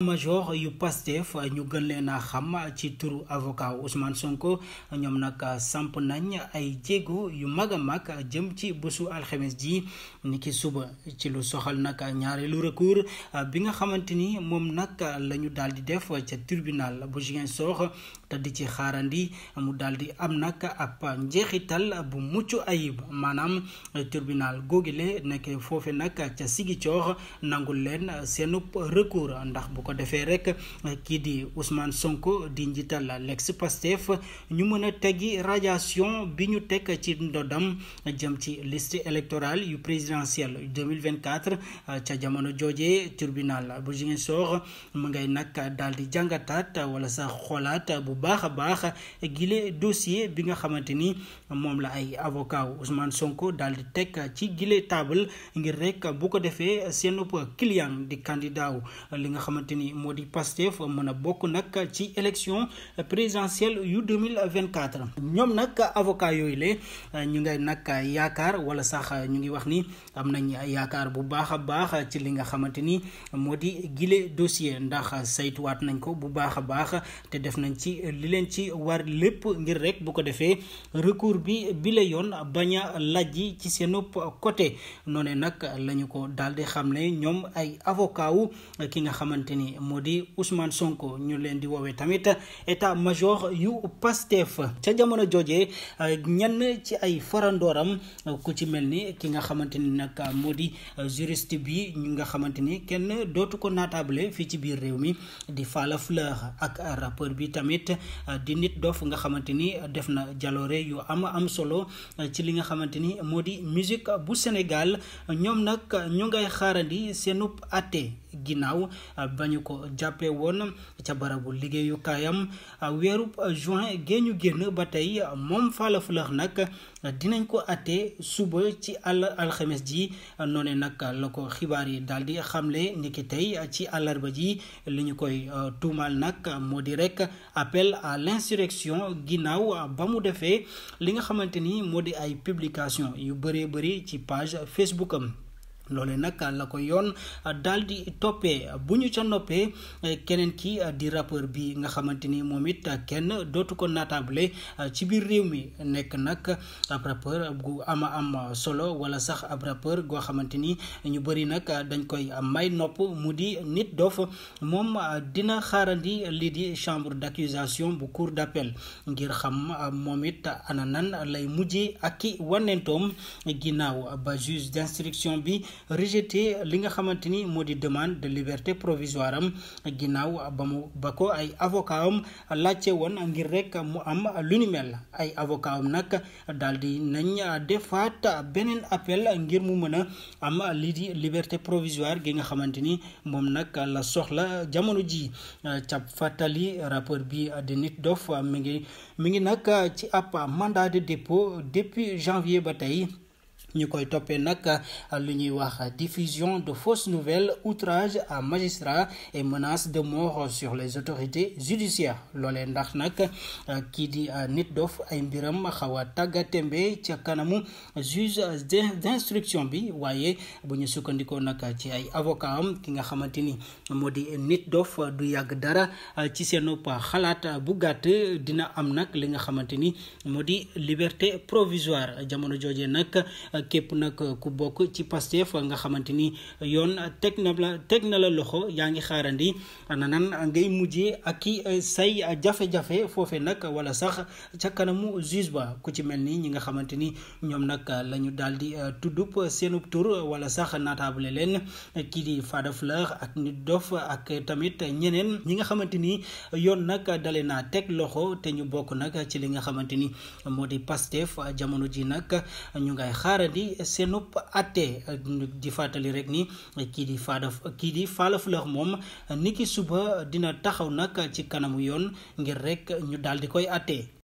major yu Pastef ñu gën leen a xam ci turu avocat Ousmane Sonko ñoom nag samp nañ ay jéego yu mag a mag jëm ci bésu alxemes ji ni ki suba ci lu soxal nag ñaareelu recours bi nga xamante ni moom nag lañu ñu daal di def ca tribunal bu Ziguinchor te di ci xaarandi mu dal di am nag ab njeexital bu mucc ayib maanaam tribunal googile nekk foofe nag ca Ziguinchor nangul leen seenub recours ndax bu ko defee rek kii di Ousmane Sonko di njiital l'ex Pastef ñu mën a teggi radiation bi ñu teg ci ndodam jëm ci liste électorale yu présidentielle 2024 ca jamono jooje tribunal bu Ziguinchor mu ngay nag daal di jàngataat wala sax xoolaat bu baax a baax gile dossier bi nga xamante ni moom la ay avocat Ousmane Sonko daal di teg ci gile table ngir rek bu ko defee seen client di candidat li nga xamante ni moo di Pastef mën a bokk nag ci élection présidentielle yu 2024 ñoom nag avocat yooyu la ñu ngay nag yaakaar walla sax ñu ngi wax ni am nañ yaakaar bu baax a baax ci li nga xamante ni moo di gile dossier ndax saytuwaat nañ ko bu baax a baax te def nañ ci li leen ci war lépp ngir rek bu ko defee recours bi bi la yoon bañ a lajji ci seenub côté noone nag la ñu ko daal xam ne ñoom ay avocat wu ki nga xamante moo di Ousmane Sonko ñu leen di woowee tamit état major yu Pastef ca jamono jooje ñenn ci ay farandooram ku ci mel ni ki nga xamante ni nag moo di juriste bi ñu nga xamante ni kenn dootu ko naataable fii ci biir réew mi di Falla Fleur ak rappeur bi tamit di nit dof nga xamante ni def na jaloore yu am am solo ci li nga xamante ni moo di musique bu Sénégal ñoom nag ñu ngay di seenub at ginnaaw euh, ba ñu ko jàppewoon woon ca barabu liggéeyukaayam euh, weeru euh, juin gee génn ba tey moom Falla nag dinañ ko àttee suba ci àll alxames ji noone nag la ko xibaar yi daal di xamle niki tey ci àllarba ji li ñu koy tuumaal nag moo di rekk appel à l'insurrection ginnaaw ba mu defee li nga xamante ni moo di ay publication yu bëree bëri ci page Facebook am loole nag la ko yoon daal di toppee bu ñu ca noppee keneen ki di rappeur bi nga xamante ni moom it kenn dootu ko naataable ci biir réew mi nekk nag ab rappeur gu ama am solo wala sax ab rappeur goo xamante ni ñu bëri nag dañ koy may nopp mu di nit dof moom dina xaarandi lii di chambre d'accusation bu cour d'appel ngir xam moom it ana nan lay mujjee ak ki wànnentoom ginnaaw ba juge d'instruction bi rejeté li nga xamante ni moo di demande de liberté provisoire am ginnaaw ba mu ba ko ay avocat am laajte woon ngir rek mu am lu ni mel ay avocat am nag daal di nañ defaat beneen appel ngir mu mën a am lii di liberté provisoire gi nga xamante ni moom nag la soxla jamono ji ca fàttali rappeur bi di Nit Doff mi ngi mi ngi nag ci ab mandat de dépôt depuis janvier ba tey ñu koy toppee nag euh, lu ñuy wax diffusion de fausses nouvelle outrage à magistrat et menace de mort sur les autorités judiciaires loolee ndax nag euh, kii di euh, nit dof ay mbiram xaw tàggate tàggatémbe ca kanamu juge d'instruction bi waaye bu ñu sukkandikoo nag ci ay avocat am ki nga xamante ni moo di nit dof du yàgg dara ci seen xalaat bu gàtt dina am nag li nga xamante ni moo di liberté provisoire jamono jooje nag. képp nag ku bokk ci Pastef nga xamante ni yoon teg na la teg na la loxo yaa ngi xaarandi nanan ngay mujjee ak i eh, say jafe-jafe foofe nag wala sax ca kanamu juge ba ku ci mel ni ñi nga xamante ni ñoom nag la ñu daal di eh, tuddub seenub tur wala sax naataable leen eh, kii di Fada Fleur ak Nit Dof ak tamit ñeneen ñi nga xamante ni yoon nag dale naa teg loxo te ñu bokk nag ci li nga xamante ni moo di Pastef jamono ji nag ñu ngay xaarandi di seenub atte di fàttali rek ni kii di faada kii di Falla Fleur moom niki suba dina taxaw nag ci kanamu yoon ngir rek ñu daal di koy atte